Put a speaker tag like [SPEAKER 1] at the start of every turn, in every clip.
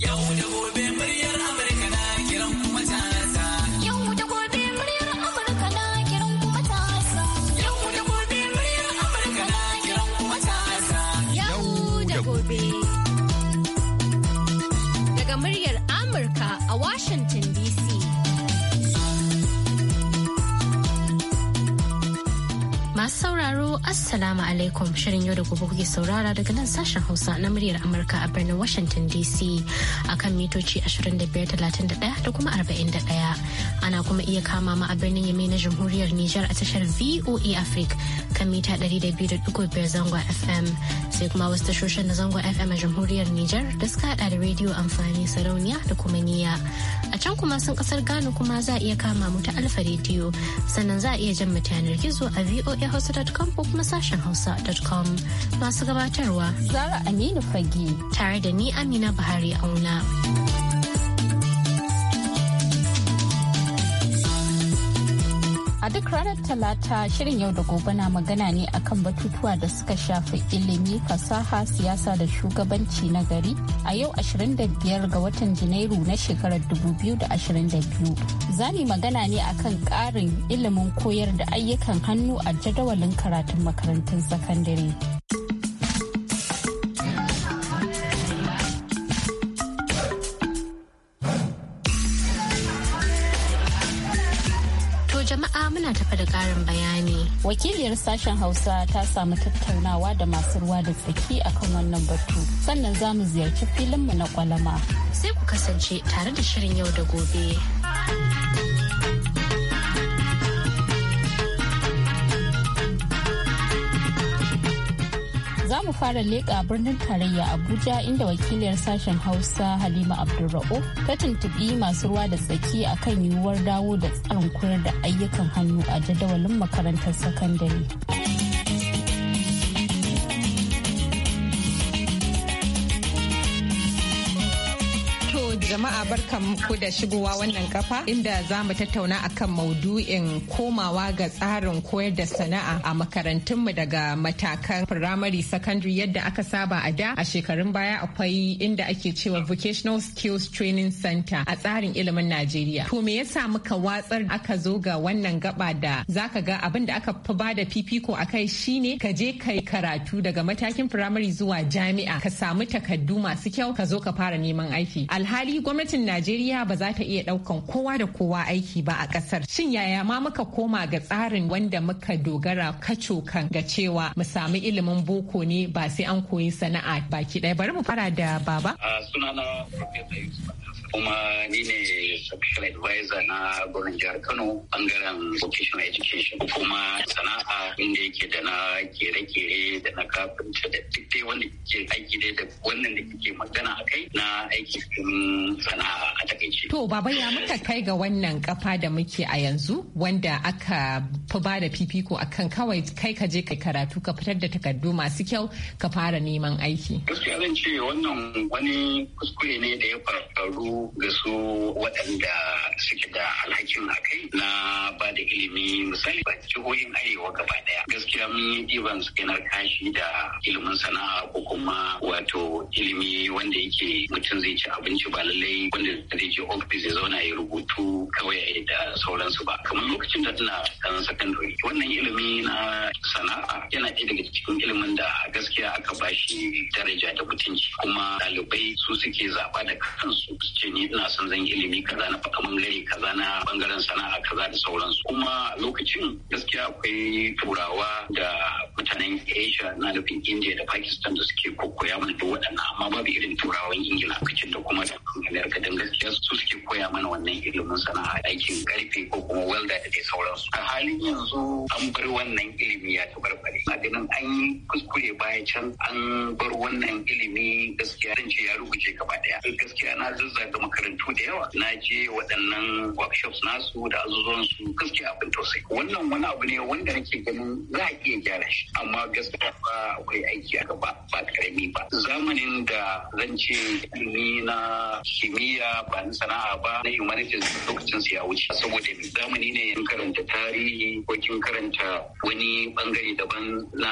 [SPEAKER 1] Yau da been murya.
[SPEAKER 2] Masu sauraro Assalamu alaikum shirin yau da gobe kuke saurara daga nan sashen Hausa na muryar Amurka a birnin Washington DC a kan mitoci 2531 da kuma 41. Ana kuma iya kama ma a birnin Yamai na Jamhuriyar Nijar a tashar VOA Africa kan mita 200.5 zango FM sai kuma wasu tashoshin na zangon FM a jamhuriyar Nijar da suka hada da rediyo amfani sarauniya da kuma niya. A can kuma sun kasar Ghana kuma za a iya kama mu ta alfa rediyo sannan za a iya jan yanar gizo a voahausa.com ko kuma sashen hausa.com masu gabatarwa. Zara Aminu Fage. Tare da ni Amina Buhari Auna. duk ranar talata shirin yau
[SPEAKER 3] da gobe na magana ne akan batutuwa da suka shafi ilimi fasaha siyasa da shugabanci na gari a yau 25 ga watan janairu na shekarar 2022 zani magana ne akan karin ilimin koyar da ayyukan hannu a jadawalin karatun makarantun sakandare
[SPEAKER 2] muna tafa da karin bayani.
[SPEAKER 3] Wakiliyar sashen Hausa ta samu tattaunawa da masu ruwa da tsaki akan wannan batu. Sannan za mu ziyarci filinmu na kwalama.
[SPEAKER 2] Sai ku kasance tare da shirin yau da gobe.
[SPEAKER 3] za mu fara leƙa birnin tarayya abuja inda wakiliyar sashen hausa halima abdulra'o ta tuntuɓi masu ruwa da tsaki akan yiwuwar dawo da tsarin koyar da ayyukan hannu a jadawalin makarantar
[SPEAKER 4] sakandare.
[SPEAKER 5] barkan ku da shigowa wannan kafa inda za mu tattauna akan maudu'in komawa ga tsarin koyar da sana'a a makarantunmu daga matakan firamare secondary yadda aka saba a da a shekarun baya akwai inda ake cewa vocational skills training center a tsarin ilimin Najeriya. To me yasa muka watsar aka zo ga wannan gaba da zaka ga abin da aka fi bada fifiko a kai shine ka je ka yi karatu daga matakin firamare zuwa jami'a ka samu takardu masu kyau ka zo ka fara neman aiki. Alhali gwamnatin gwamnatin Najeriya ba za ta iya ɗaukan kowa da kowa aiki ba a ƙasar. Shin yaya ma muka koma ga tsarin wanda muka dogara kan ga cewa mu sami ilimin boko ne ba sai an koyi sana'a baki ɗaya. Bari mu fara da baba.
[SPEAKER 6] Ah, sunana Profesa Yusuf kuma ni ne social advisor na gwamnan jihar Kano bangaren vocational education kuma sana'a inda yake da na kere-kere
[SPEAKER 5] da na kafinta da duk dai wanda ke aiki dai da wannan da kike magana a kai na aiki cikin sana'a a takaice. To baba ya muka kai ga wannan kafa da muke a yanzu wanda aka fi ba da fifiko akan kawai kai ka je kai karatu ka fitar da takardu masu kyau ka fara neman aiki.
[SPEAKER 1] Gaskiya zan
[SPEAKER 6] ce wannan wani kuskure ne da ya faru ga su waɗanda suke da alhakin a kai na ba da ilimi misali ba jihohin arewa gaba daya gaskiya mun yi ɗiban su kashi da ilimin sana'a ko kuma wato ilimi wanda yake mutum zai ci abinci ba lallai wanda zai je ofis ya zauna ya rubutu kawai da sauransu ba kamar lokacin da tana kan sakandare wannan ilimi na sana'a yana ɗaya daga cikin ilimin da gaskiya aka bashi daraja da mutunci kuma ɗalibai su suke zaɓa da kansu su ce ni ina son zan ilimi kaza na gari kaza na bangaren sana'a kaza da sauransu kuma lokacin gaskiya akwai turawa da mutanen asia na nufin india da pakistan da suke kokoya mana duk waɗannan amma babu irin turawan ingila lokacin da kuma da amerika don gaskiya su suke koya mana wannan ilimin sana'a aikin karfe ko kuma welda da dai sauransu a halin yanzu an bar wannan ilimi ya tabarbare a ganin an yi kuskure baya can an bar wannan ilimi gaskiya zan ce ya rubuce gaba daya gaskiya na zazzaga makarantu da yawa na je waɗannan workshops nasu da azuzuwan su gaskiya abin tausayi wannan wani abu ne wanda nake ganin za a iya gyara shi amma gaskiya ba akwai aiki a gaba ba karami ba zamanin da zan ce ni na kimiyya ba na sana'a ba na humanities
[SPEAKER 1] lokacin su ya wuce saboda zamani ne in karanta tarihi ko kin karanta wani bangare daban na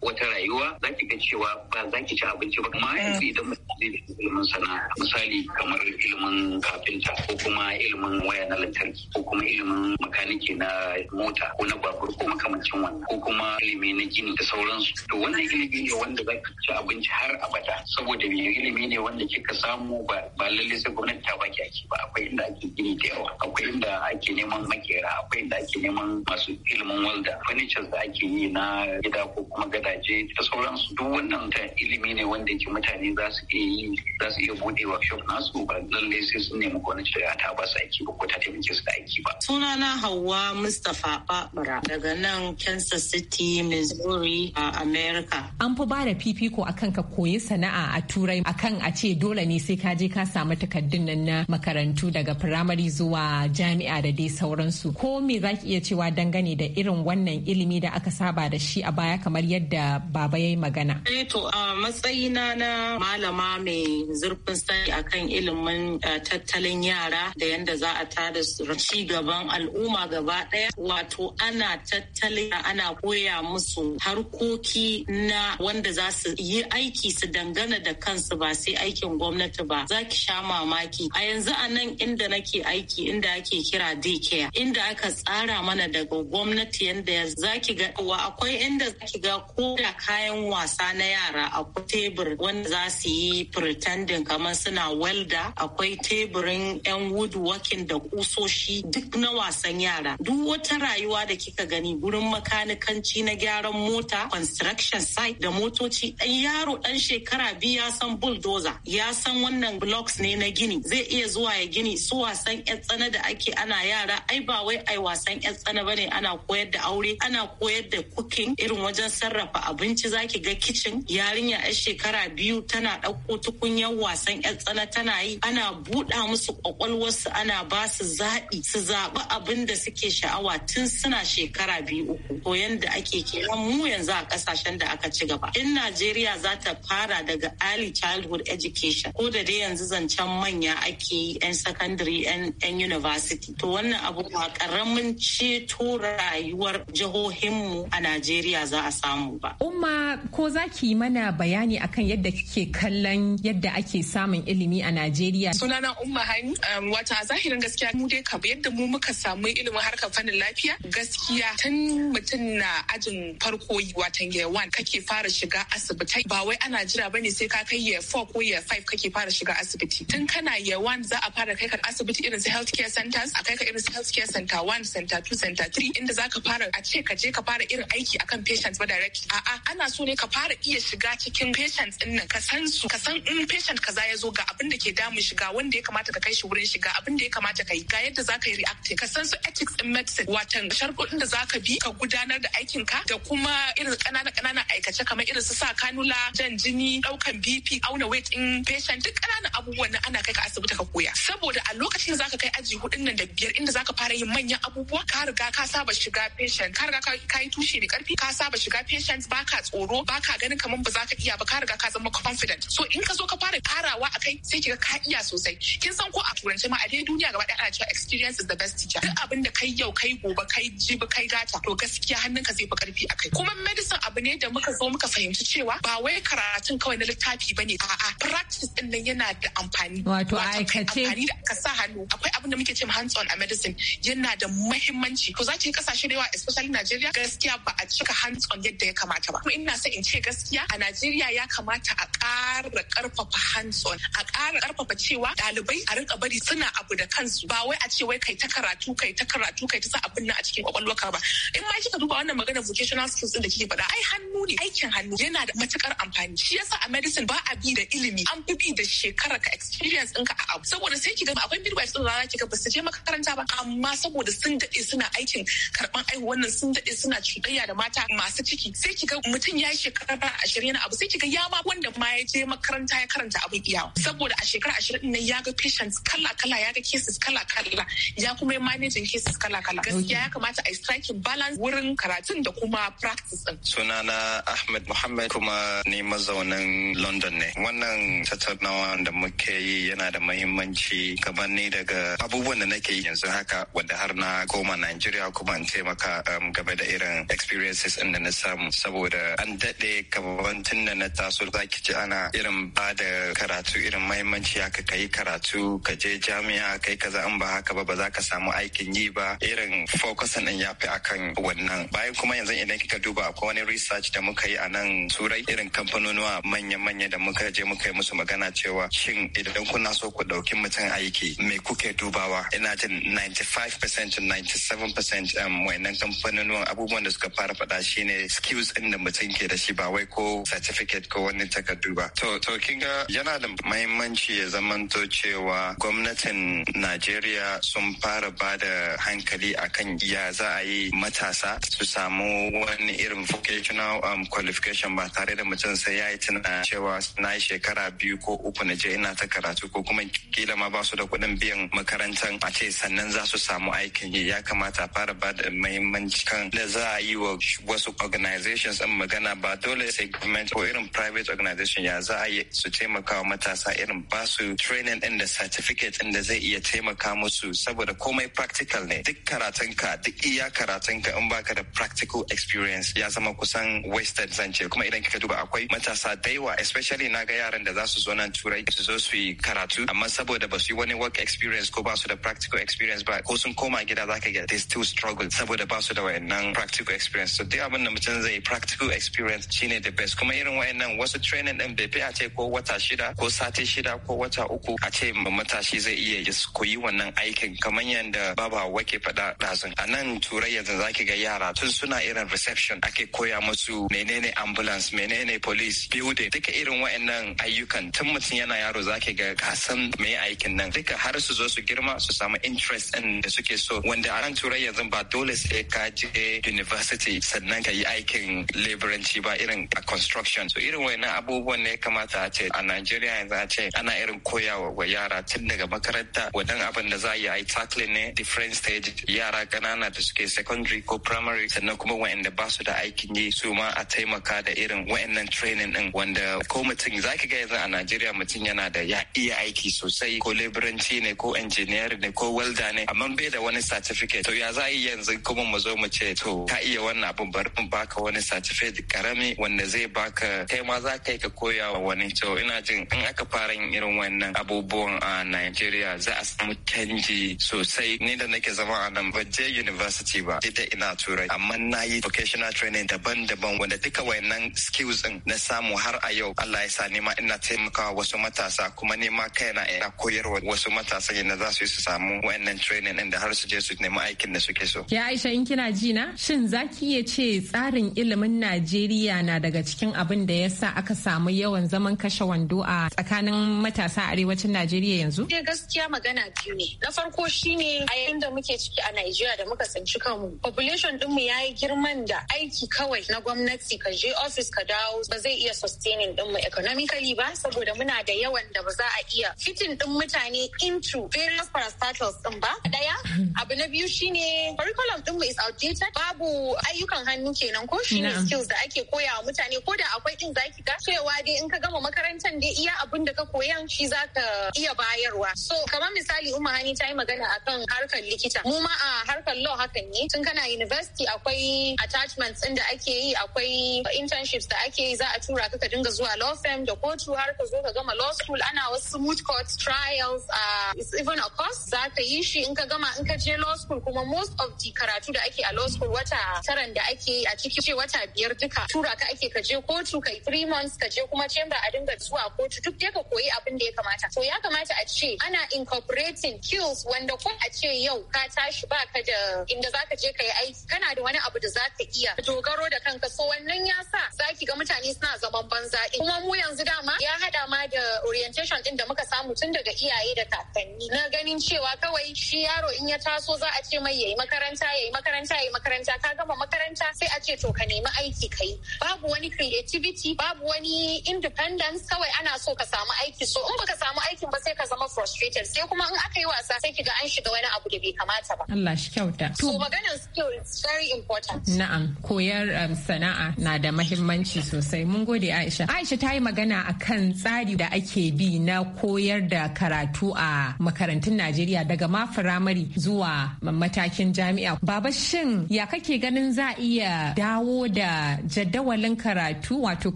[SPEAKER 1] wata rayuwa za ki ga cewa ba za ki ci abinci ba amma mm.
[SPEAKER 6] yanzu idan mutum ilimin sana'a misali kamar ilimin kafinta ko kuma ilimin waya na lantarki ko kuma ilimin makaniki na mota ko na babur ko makamancin wannan ko kuma ilimi na gini da sauransu to wannan ilimi ne wanda za ci abinci har abada saboda ilimi ne wanda kika samu ba lalle sai gwamnati ta baki ake ba akwai inda ake gini da yawa akwai inda ake neman makera akwai inda ake neman masu ilimin walda furnitures da ake yi na gida ko kuma gadaje da sauransu duk wannan ta ilimi ne wanda ke mutane za su iya yi za su iya bude workshop nasu ba lalle sai sun nemi gwamnati da ta ba su aiki ba
[SPEAKER 5] ko ta
[SPEAKER 7] taimake su da aiki ba. sunana Hauwa Mustapha Babura daga nan Kansas City, Missouri a America.
[SPEAKER 5] An fi ba da fifiko akan ka koyi sana'a a Turai akan a ce dole ne sai ka je ka samu takardun nan na makarantu daga firamare zuwa jami'a da dai sauransu ko me za ki iya cewa dangane da irin wannan ilimi da aka saba da shi a baya kamar yadda baba ya yi magana.
[SPEAKER 7] Eh to a matsayina na malama mai zurfin sani akan ilimin eh, tattalin yara da yanda za a tada ci gaban al'umma gaba daya. wato ana tattalin ana koya musu harkoki na wanda za su yi aiki su dangana da kansu su ba sai aikin gwamnati ba za ki sha mamaki a yanzu a nan inda nake aiki inda ake kira daycare inda aka tsara mana daga gwamnati yanda za ki ga wa akwai inda za ki ga ko da kayan wasa na yara akwai tebur wanda za su yi pretending kamar suna welda akwai teburin yan wood walking da kusoshi duk na wasan yara duk wata rayuwa da kika gani gurin makanikanci na gyaran mota construction site da motoci dan yaro dan shekara biyu ya san bulldozer ya san wannan blocks ne na gini zai iya zuwa ya gini su wasan yan tsana da ake ana yara ai ba wai ai wasan yan tsana bane ana koyar da aure ana koyar da cooking irin wajen sarrafa abinci zaki ga kitchen yarinya yar shekara biyu tana ɗauko tukunyar wasan yan tsana tana yi ana buɗa musu kwakwalwarsu ana ba su zaɓi su zaɓi abin da suke sha'awa tun suna shekara biyu uku to yanda ake kiran mu yanzu a ƙasashen da aka ci gaba in Najeriya za ta fara daga early child childhood education ko da dai yanzu zancen manya ake yi 'yan secondary 'yan university to wannan abu ba karamin ceto rayuwar jihohinmu a najeriya za a samu ba
[SPEAKER 5] umma ko za ki mana bayani akan yadda kike kallon yadda ake samun ilimi a najeriya
[SPEAKER 8] sunana umma hani um, wata zahirin gaskiya mu dai kaba yadda mu muka samu ilimin harkar fannin lafiya gaskiya tun mutum na ajin farko watan year one kake fara shiga asibitai ba wai ana jira ba ne sai ka kai year four ko year five kake fara shiga asibiti tun kana year one za a fara kai ka asibiti irin su care centers a kai ka irin su care center one center two center three inda za ka fara a ce ka je ka fara irin aiki akan patients ba direct a'a ana so ne ka fara iya shiga cikin patients din nan ka san su ka san in patient kaza ya zo ga abin da ke damun shiga wanda ya kamata ka kai shi wurin shiga abin da ya kamata ka yi ga yadda za ka yi reacting ka san su ethics in medicine watan sharɗoɗin da za ka bi ka gudanar da aikin ka da kuma irin kanana ƙananan aikace kamar irin su sa kanula jan jini ɗaukan bp auna weight in patient duk ƙananan abubuwan nan ana kai ka asibiti ka koya saboda a lokacin zaka kai aji hudun nan da biyar inda zaka fara yin manyan abubuwa ka riga ka saba shiga patient ka riga ka yi tushe da karfi ka saba shiga patient baka tsoro baka ganin kamar ba zaka iya ba ka riga ka zama confident so in ka zo ka fara karawa akai sai kiga ka iya sosai kin san ko a turance ma a dai duniya gaba ɗaya ana cewa experience is the best teacher duk abin da kai yau kai gobe kai jibi kai gata to gaskiya hannunka zai fi karfi akai kuma medicine abu ne da muka zo muka fahimci cewa ba wai karatun kawai na littafi bane ne a'a practice din nan yana da amfani wato aikace amfani da ka sa hannu akwai abin da muke cewa hands on a medicine yana da muhimmanci Ko za ki kasashe da yawa especially Najeriya gaskiya ba a cika hands on yadda ya kamata ba kuma ina so in ce gaskiya a Najeriya ya kamata a ƙara ƙarfafa hands on a ƙara ƙarfafa cewa ɗalibai a rinka bari suna abu da kansu ba wai a ce wai kai ta karatu kai ta karatu kai ta sa abin nan a cikin kwakwalwarka ba in ma kika duba wannan magana vocational skills din da kike faɗa ai hannu ne aikin hannu yana da matukar amfani shi yasa a medicine ba a bi da ilimi an fi bi da shekara ka experience ɗinka a abu saboda sai ki ga akwai midwives ɗin rana kiga ba je makaranta ba amma saboda sun daɗe suna aikin karɓan aihuwan nan sun daɗe suna cuɗayya da mata masu ciki sai ki ga mutum ya yi shekara ashirin abu sai ki ga ya wanda ma ya je makaranta ya karanta abu iyawa saboda a shekara ashirin nan ya ga patients kala kala ya ga cases kala kala ya kuma yi managing cases kala kala gaskiya ya kamata a yi striking balance wurin karatun da kuma practice ɗin.
[SPEAKER 9] sunana ahmed muhammad kuma ni mazaunin london ne Wannan tattaunawa da muke yi yana da mahimmanci gabanni daga abubuwan da nake yi yanzu haka wadda har na koma Najeriya kuma in taimaka um, game da irin experiences inda da na samu saboda an daɗe kaman tun da na taso ki ji ana irin ba da karatu irin mahimmanci haka ka yi karatu ka je jami'a kai kaza in ba haka ba ba za ka samu aikin yi ba irin focus din ya fi akan wannan bayan kuma yanzu idan kika duba akwai wani research da muka yi a nan turai irin kamfanonuwa manya-manya da muka muka je muka yi musu magana cewa shin idan kuna so ku ɗauki mutum aiki me kuke dubawa ina jin 95% 97% um, wayannan kamfanonin abubuwan da suka fara faɗa shine skills din da mutum ke da shi ba wai ko certificate ko wani takardu ba to to kin ga yana da mahimmanci ya zamanto cewa gwamnatin Najeriya sun fara ba da hankali akan ya za a yi matasa su samu wani irin vocational um, qualification ba tare da mutum sai ya yi tunanin cewa na a yi shekara biyu ko uku na je ina ta karatu ko kuma kila ma ba su da kuɗin biyan makarantar a ce sannan za su samu aikin yi ya kamata fara ba da muhimmanci kan da za a yi wa wasu organizations in magana ba dole sai government ko irin private organization ya za a yi su taimaka wa matasa irin ba su training din da certificate din da zai iya taimaka musu saboda komai practical ne duk karatunka duk iya karatunka in baka da practical experience ya zama kusan wasted zance kuma idan kika duba akwai matasa da yawa especially na ga yaran da za su zo nan turai su zo su yi karatu amma saboda ba su yi wani work experience ko ba su da practical experience ba ko sun koma gida za ka ga they still struggle saboda ba su da wayannan practical experience so duk abin da mutum zai practical experience shine the best kuma irin wayannan wasu training din bai fi a ce ko wata shida ko sati shida ko wata uku a ce matashi zai iya ya koyi wannan aikin kamar yadda baba wake faɗa ɗazun a nan turai yanzu za ga yara tun suna irin reception ake koya musu menene ambulance menene police building duka irin wayannan waɗannan ayyukan tun mutum yana yaro zaki ga kasan mai aikin nan duka har su zo su girma su samu interest in da suke so wanda a ran turai yanzu ba dole sai ka je university sannan ka yi aikin leburanci ba irin a construction so irin wayannan abubuwan ne kamata a ce a Najeriya yanzu a ce ana irin koyawa wa yara tun daga makaranta wadan abin da za a yi a yi tackling ne different stage yara kanana da suke secondary ko primary sannan kuma wayanda ba su da aikin yi su ma a taimaka da irin wayannan training din wanda ko mutum industry za ka ga yanzu a Najeriya mutum yana da ya iya aiki sosai ko leburanci ne ko engineer ne ko welder ne amma bai da wani certificate to ya za a yi yanzu kuma mu zo mu ce to ka iya wannan abun bari mu baka wani certificate karami wanda zai baka kai ma za ka yi ka koya wa wani to ina jin in aka fara yin irin wannan abubuwan a Najeriya za a samu canji sosai ni da nake zama a nan ba je university ba da ina turai amma na yi vocational training daban-daban wanda duka wayannan skills din na samu har a yau Allah ya sa matasa nema ina taimakawa wasu matasa kuma nema kaina ina koyarwa wasu matasa yadda za su yi su samu wa'annan training din da har su je su nemi aikin da suke so.
[SPEAKER 5] Ya Aisha in kina ji na shin za iya ce tsarin ilimin Najeriya na daga cikin abin da ya sa aka samu yawan zaman kashe wando a tsakanin matasa arewacin Najeriya yanzu? Eh gaskiya magana biyu ne. Na farko shine a yayin
[SPEAKER 10] da muke ciki a Najeriya da muka tsinci kanmu. Population dinmu yayi girman da aiki kawai na gwamnati ka je office ka dawo ba zai iya sustaining ɗinmu economic economically ba saboda muna da yawan da ba za a iya fitin din mutane into various parastatals din ba daya abu na biyu shine curriculum din mu is outdated babu ayyukan hannu kenan ko shine skills da ake koya wa mutane ko da akwai din zaki ga cewa dai in ka gama makarantar dai iya abin da ka koyan shi za ka iya bayarwa so kamar misali umma hani ta yi magana akan harkar likita mu ma a harkar law hakan ne tun kana university akwai attachments din da ake yi akwai internships da ake yi za a tura ka ka dinga zuwa law firm da kotu har ka zo ka gama law school ana wasu moot court trials a uh, it's even a course za ka yi shi in ka gama in ka je law school kuma most of the karatu da ake a law school wata taran da ake a ciki ce wata biyar duka tura ka ake ka je kotu kai three months ka je kuma chamber a dinga zuwa kotu duk dai ka koyi abin da ya kamata to ya kamata a ce ana incorporating skills wanda ko a ce yau ka tashi ba ka da inda za ka je ka yi aiki kana da wani abu da za ka iya dogaro da kanka so wannan ya sa za ki ga mutane suna zaman banza kuma mu yanzu dama ya hada ma da orientation din da muka samu tun daga iyaye da kakanni na ganin cewa kawai shi yaro in ya taso za a ce mai yayi makaranta yayi makaranta yayi makaranta ka gama makaranta sai a ce to ka nemi aiki kai babu wani creativity babu wani independence kawai ana so ka samu aiki so in baka samu aikin ba sai ka zama frustrated sai kuma in aka yi wasa sai kiga an shiga wani abu da bai kamata
[SPEAKER 5] ba Allah shi kyauta
[SPEAKER 10] so maganar skill is very important na'am
[SPEAKER 5] koyar um, sana'a na da mahimmanci sosai mun gode Aisha Aisha ta yi magana magana akan tsari da ake bi na koyar da karatu a makarantun Najeriya daga ma firamare zuwa matakin jami'a. Baba shin ya kake ganin za a iya dawo da jadawalin karatu wato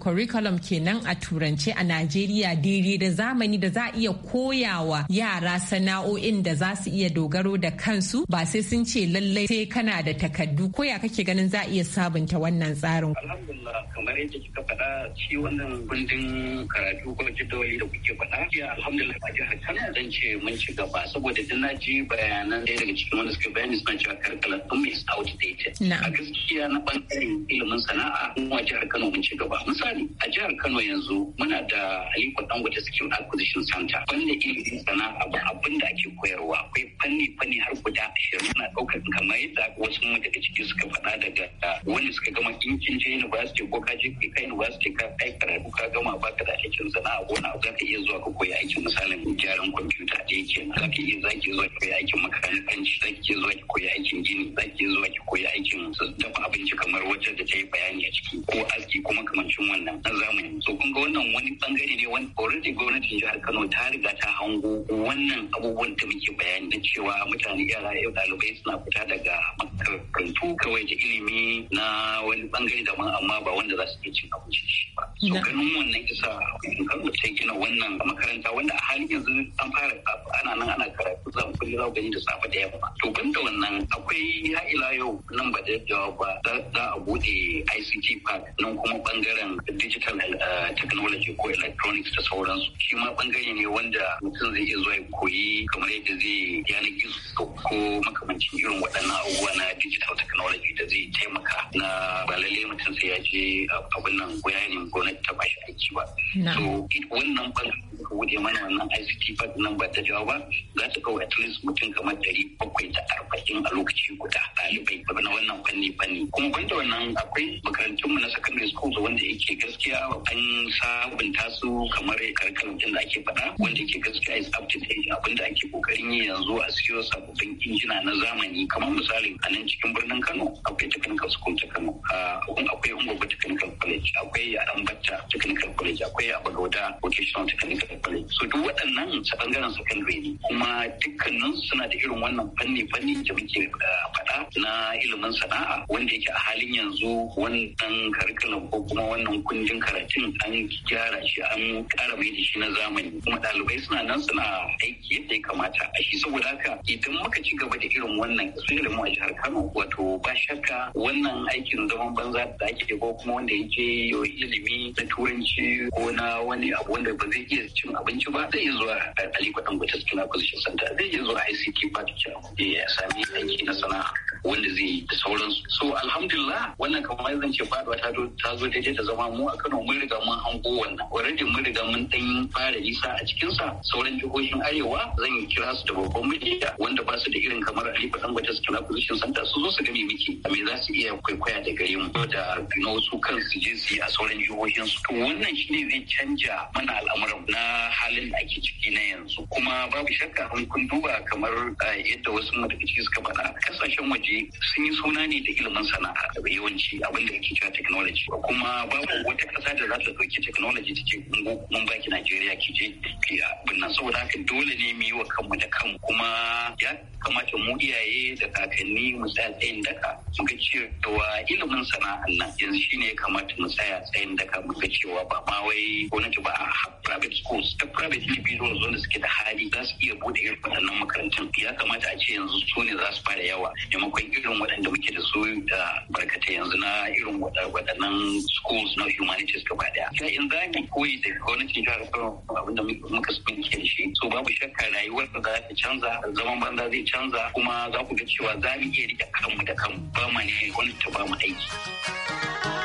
[SPEAKER 5] curriculum kenan a turance a Najeriya daidai da zamani da za a iya koyawa yara sana'o'in da za su iya dogaro da kansu ba sai sun ce lallai sai kana da takaddu ko ya kake ganin za a iya sabunta wannan tsarin.
[SPEAKER 6] Alhamdulillah kamar yadda kika faɗa shi wannan kundin karatu ko jidoli da kuke faɗa jiya alhamdulillah a jihar Kano zan ce mun ci gaba saboda duk na ji bayanan ɗaya daga cikin wanda suka bayani suna cewa karkala sun mai outdated a gaskiya na ɓangaren ilimin sana'a kuma jihar Kano mun ci gaba misali a jihar Kano yanzu muna da Aliko Dangote Skill Acquisition Center wanda ilimin sana'a ba abin da ake koyarwa akwai fanni fanni har guda ashirin na ɗaukar kamar yadda wasu mu daga ciki suka faɗa daga ah, wani suka gama injin ba su ce ko ka je kai ce ka kai karatu ka gama baka da aikin sana'a ko na za ka iya zuwa ka koyi aikin misalin gyaran kwamfuta da yake za ka iya za ki zuwa ki koyi aikin makarantanci za ki iya zuwa ki koyi aikin gini za ki iya zuwa ki koyi aikin dafa abinci kamar wacce da ta yi bayani a ciki ko aski kuma cin wannan na zamani so kun ga wannan wani bangare ne wani already gwamnatin jihar Kano ta riga ta hango wannan abubuwan da muke bayani na cewa mutane yara yau dalibai suna fita daga makarantu kawai da ilimi na wani bangare da amma ba wanda za su iya cin abinci ba so ganin wannan bisa kan mutum gina wannan makaranta wanda a halin yanzu an fara ana nan ana karatu zan kuli za
[SPEAKER 4] gani da safe da yamma to ban da wannan akwai ya ila yau nan ba da yawa ba za a bude ICT park nan kuma bangaren digital eh, technology ko electronics da sauransu shi ma bangare ne wanda mutum zai iya zuwa ya
[SPEAKER 6] koyi kamar yadda zai yanar gizo ko makamancin irin waɗannan abubuwa na digital technology da zai taimaka na ba lalle mutum sai ya je eh, abin nan ko ya
[SPEAKER 5] gonar ta bashi aiki ba wannan wannan suka wuce mana wannan ICT fat nan ba ta jawo ba za su kawo at least mutum kamar ɗari bakwai da arba'in a lokaci guda ɗalibai
[SPEAKER 6] na wannan fanni fanni. Kuma ban da wannan akwai makarantunmu na secondary schools wanda yake gaskiya an sabunta su kamar karkarantun da ake faɗa wanda yake gaskiya is up to date da ake kokarin yi yanzu a siyo sababbin injina na zamani kamar misali a nan cikin birnin Kano akwai technical school ta Kano ah, akwai Ungwagwa technical college akwai Adambatta technical college akwai Abagauda vocational technical taɓarɓare so duk waɗannan ta ɓangaren ne kuma dukkanin suna da irin wannan fanni fanni da muke eh, faɗa na ilimin sana'a wanda yake a halin yanzu wannan karkalan ko kuma wannan kundin karatun an gyara shi an ƙara mai da shi na zamani
[SPEAKER 1] kuma ɗalibai suna nan suna aiki yadda ya kamata a shi saboda haka idan muka ci gaba da irin
[SPEAKER 6] wannan su ilimin a jihar Kano wato ba shakka wannan aikin zaman banza da ake ko kuma wanda yake ilimi na turanci ko na wani abu wanda ba zai iya cin abinci ba zai zuwa Aliko Dangote suna Acquisition Center zai yi zuwa ICT Park eh, ya sami aiki na sana'a wanda zai yi da sauransu. So alhamdulillah wannan kamar zan ce faɗuwa ta zo daidai ta zama mu a Kano mun riga mun hango wannan. Already mun riga mun ɗan fara nisa a cikin sa sauran jihohin Arewa zan yi kira su da babban murya wanda ba su da irin kamar Aliko Dangote suna Acquisition Center su zo su ga me muke me za su iya kwaikwaya da gare mu da na wasu kansu je su yi a sauran jihohin su. To wannan
[SPEAKER 1] shine zai canja mana al'amuran na halin da ake ciki na yanzu kuma babu shakka an kun duba kamar eh, yadda wasu madafici suka faɗa kasashen waje sun yi suna ne da ilimin sana'a da yawanci abin da ake cewa technology
[SPEAKER 6] kuma babu wata ƙasa da za ta ɗauki technology ta ce mun baki Najeriya ki je ki abin saboda haka dole ne mu yi wa kanmu da kanmu kuma ya kamata mu iyaye da kakanni mu tsaya tsayin daka mu ga cewa ilimin sana'a nan yanzu shine ya kamata mu tsaya tsayin daka mu ga cewa ba ma wai gwamnati ba a private school schools ɗan private individuals wanda suke da hali za su iya bude irin waɗannan makarantun ya kamata a ce yanzu su ne za su fara yawa maimakon irin waɗanda muke da su da barkata yanzu na irin waɗannan schools na humanities gaba ɗaya ya in za ki koyi da gwamnatin jihar Kano abinda muka sani ke da shi so babu shakka rayuwar da za ta canza zaman banza zai canza kuma za ku ga cewa za mu iya riƙe kanmu da kanmu ba ma ne gwamnati ba mu aiki.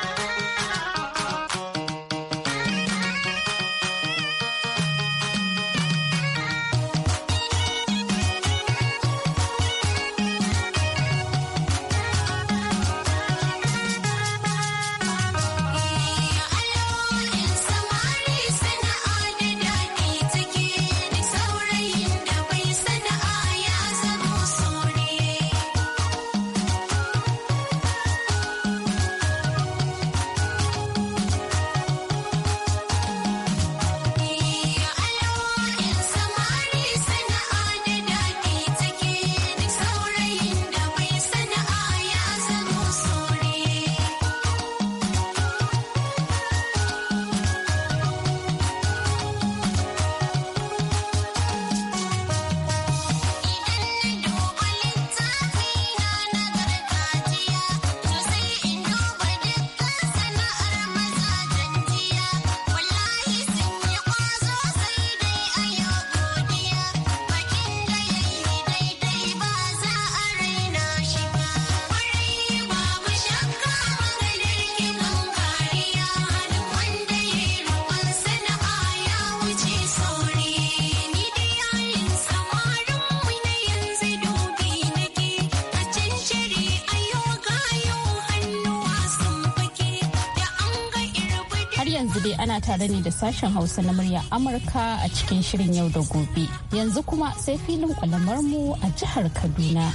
[SPEAKER 3] yanzu dai ana tare ne da sashen Hausa na murya Amurka a cikin shirin yau da gobe. Yanzu kuma sai filin kwalamar mu a jihar Kaduna.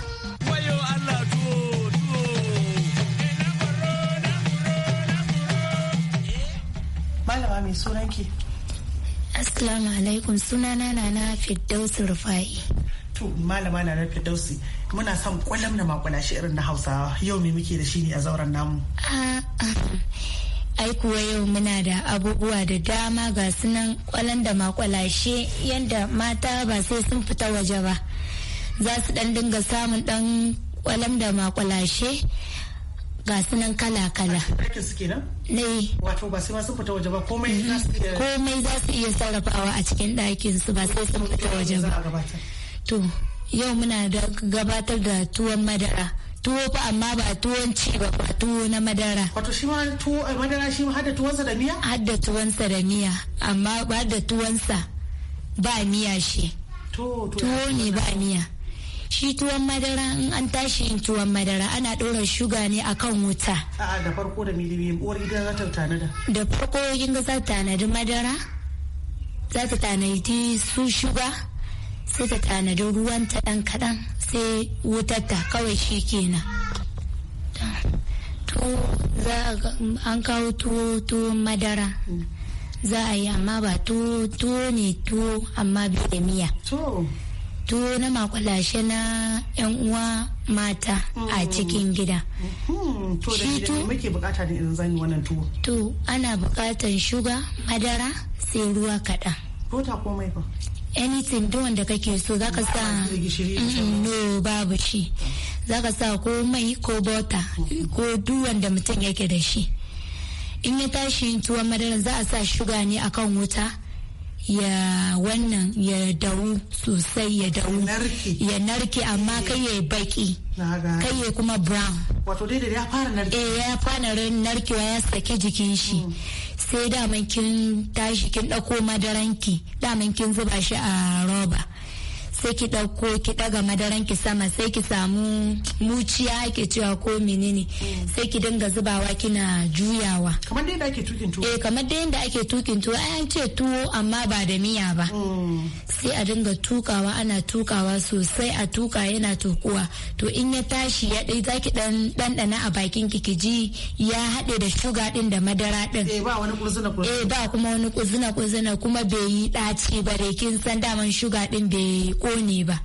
[SPEAKER 4] Malama mai Assalamu alaikum
[SPEAKER 11] sunana na na Firdausu Rufa'i.
[SPEAKER 4] To malama na na muna son kwalam da makwala irin na Hausawa yau me muke da shi ne a zauren namu.
[SPEAKER 11] ai kuwa yau muna da abubuwa da dama ga sunan kwalan da makwalashe yadda mata ba sai sun fita waje ba za su dan dinga samun dan kwalan da makwalashe ga sunan kala-kala.
[SPEAKER 4] Ne. Wato ba sai ma sun fita waje ba komai za su iya. Komai
[SPEAKER 11] za su iya sarrafawa a cikin ɗakin su ba sai sun fita waje ba. To yau muna da gabatar da tuwon madara. tuwo fa amma ba tuwon ci ba ba tuwo na madara wato shi ma tuwo eh, madara shi ma hadda tuwansa da miya hadda tuwansa da miya amma ba da tuwansa ba miya shi tuwo ne ba miya shi tuwon madara in an tashi yin tuwon madara ana ɗora shuga ne a kan wuta.
[SPEAKER 4] A'a da farko da miliyoyin uwar gida za ta tanada.
[SPEAKER 11] Da farko yin ga za ta tanadi madara, za ta tanadi su shuga, sai ta tanadi ruwan ta ɗan kaɗan, sai wutarta kawai shi kenan an kawo tuwo tuwo madara za a yi amma ba tuwo ne tuwo amma bai da miya tuwo na makulashe na yan uwa mata a mm. cikin gida
[SPEAKER 4] mm-hmm. shi
[SPEAKER 11] to ana bukatar shuga madara sai ruwa kaɗan
[SPEAKER 4] ko ta komai ba
[SPEAKER 11] anything duk wanda kake so zaka sa no babu shi zaka sa ko mai ko bota ko duk wanda mutum yake da shi in ya tashi tuwon madara za a sa shuga ne akan wuta ya wannan ya dawo sosai ya dawo ya narke amma eh. kai ya baki kai ya kuma brown wato dai da ya fara narkewa eh, ya fara narkewa ya sake jikin shi mm. sai daman kin tashi kin ɗauko madaranki daman kin zuba shi a roba sai ki ɗauko ki ɗaga madaran ki sama sai ki samu muciya ke cewa ko menene sai ki dinga zubawa kina juyawa kamar da ake tukin tuwo eh kamar da yadda ake tukin tuwo ai an ce tuwo amma ba da miya ba mm. sai a dinga tukawa ana tukawa sosai a tuka yana tukuwa to in ya tashi ya dai zaki dan dandana a bakin ki ki ji ya haɗe da shuga ɗin da madara ɗin. eh ba wani kuzuna kuzuna eh ba kuma wani kuzuna kuzuna kuma bai yi ɗaci ba da kin san daman shuga din bai ko ne ba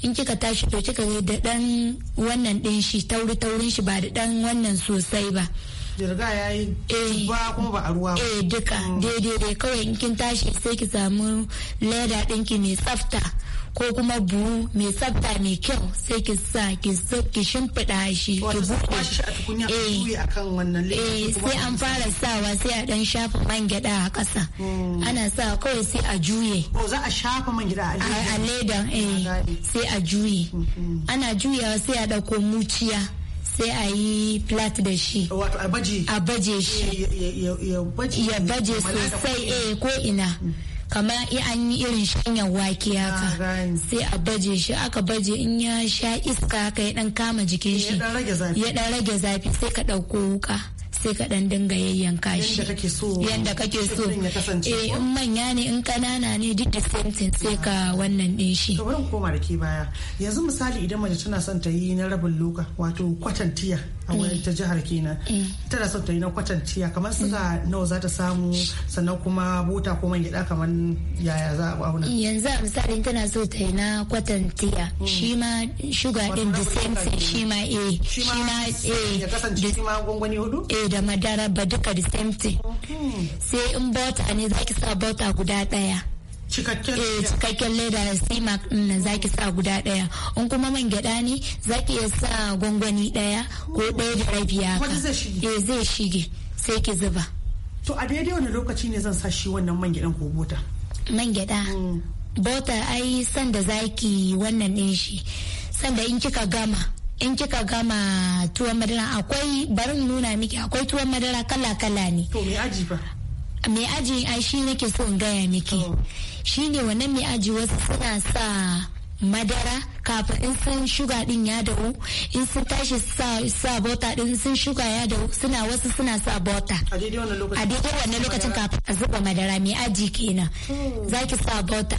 [SPEAKER 11] in kika tashi to kika ga da ɗan wannan din shi tauri taurin shi ba da ɗan wannan sosai ba jirga ya yi eh. ba kuma ba a ruwa eh duka mm. daidai dai kawai in kin tashi sai ki samu leda ɗinki mai tsafta ko kuma buhu mai tsafta mai kyau sai ki sa ki shimfiɗa shi ki buɗe eh, eh sai an fara sawa sai a dan shafa man gyada a ƙasa mm. ana sa kawai sai a juye oh, za a shafa man gyada a leda eh sai a juye mm-hmm. ana juyawa sai a ɗauko muciya sai a yi plat da shi a baje shi ya baje sosai eh ko ina mm. kamar an yi irin shanyar wake ah, haka sai a baje shi aka baje in ya sha iska haka ya dan kama jikin shi ya dan rage zafi sai ka dauko wuka sai ka dan dinga yayyanka shi yanda kake so eh, in manya ne in kanana ne duk
[SPEAKER 4] da sentin sai ka wannan din shi to bari koma da ke baya yanzu misali idan mace tana son ta yi na rabin loka wato kwatantiya a wurin ta jihar kenan eh. Eh. tana son ta yi na kwatanciya kamar suga nawa za ta samu sannan kuma bota ko man gida kamar yaya za a auna eh,
[SPEAKER 11] yanzu a misali tana so ta yi na kwatantiya mm. shi ma shuga din da same thing shi ma a shi ma
[SPEAKER 4] ya kasance shi ma
[SPEAKER 11] gwangwani hudu eh da madara ba duka the same thing sai in bota ne za ki sa bota guda daya cikakken eh cikakken leda simak na mm, zaki sa guda daya in kuma man gyada ne zaki iya sa gwangwani daya ko daya da rabi ya ka eh, zai shige sai ki zuba to a daidai wani lokaci ne zan sa shi wannan man gyadan ko bota man gyada mm. bota ai san da zaki wannan din shi san da in kika gama in kika gama tuwon madara akwai barin nuna miki akwai tuwon madara kala kala ne to me aji ba mai aji ai shi nake so in gaya miki oh. shi ne wannan mai aji wasu suna sa madara kafin in sun shuga din ya dawo in sun tashi sa bota din sun shuga ya dahu suna wasu suna sa bota a daidai wannan lokacin kafin a zuba madara mai aji kenan hmm. zaki sa bota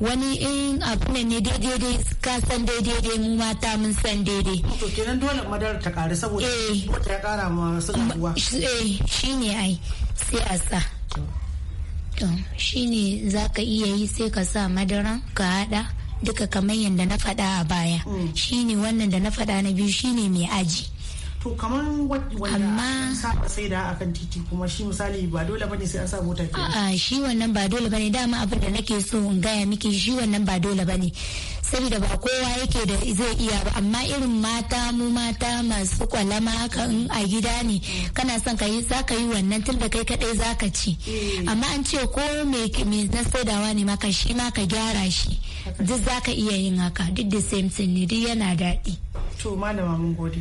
[SPEAKER 11] wani in abu ne ne daidai ka san daidai mu mata mun san daidai. To kenan dole madara ta karu saboda eh. ya kara ma suna ruwa. Eh shine eh, ai sai a sa. to shine za ka iya yi sai ka sa madaran ka hada duka kamar yadda na faɗa a baya mm. shine wannan da na faɗa na biyu shine mai aji to kamar wanda saba sai da akan titi kuma shi misali ba dole bane sai an sa mota ke a shi wannan ba dole bane dama abin da nake so in gaya miki shi wannan ba dole bane saboda ba kowa yake da zai iya ba amma irin mata mu mata masu kwalama haka a gida ne kana son ka yi za ka yi wannan tun da kai kadai za ka ci eh. amma an ce ko me na saidawa ne maka shi ma ka gyara shi duk za ka iya yin haka duk da same thing ne duk yana daɗi.
[SPEAKER 4] to malama mun gode.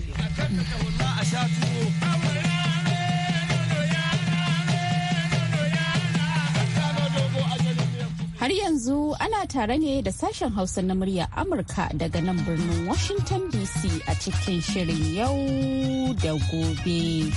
[SPEAKER 3] Har yanzu ana tare ne da sashen Hausa na murya Amurka daga nan birnin Washington DC a cikin shirin yau da gobe.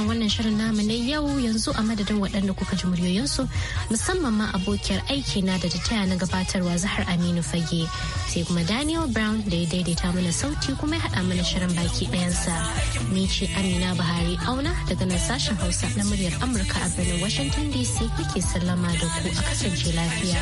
[SPEAKER 2] karshen wannan shirin namu ne yau yanzu a madadin waɗanda kuka ji muryoyinsu musamman ma abokiyar aiki na da taya na gabatarwa zahar aminu fage sai kuma daniel brown da ya daidaita mana sauti kuma ya haɗa mana shirin baki ɗayansa ni ce amina buhari auna daga nan sashen hausa na muryar amurka a birnin washington dc kake sallama da ku a kasance lafiya.